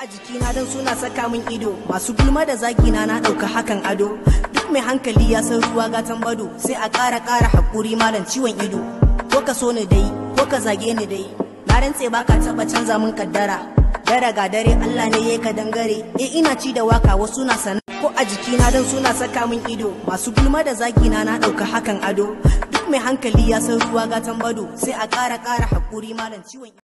a jikina don suna saka min ido masu gulma da zagina na ɗauka hakan ado duk mai hankali ya san ruwa gatan bado sai a ƙara ƙara haƙuri malam ciwon ido ko ka so ni dai ko ka zage ni dai na rantse ba ka taɓa canza min kaddara dare ga dare Allah ne ya ka dangare e ina ci da waka wasu na sana ko a jikina don suna saka min ido masu gulma da zagina na ɗauka hakan ado duk mai hankali ya san ruwa gatan bado sai a ƙara ƙara haƙuri malam ciwon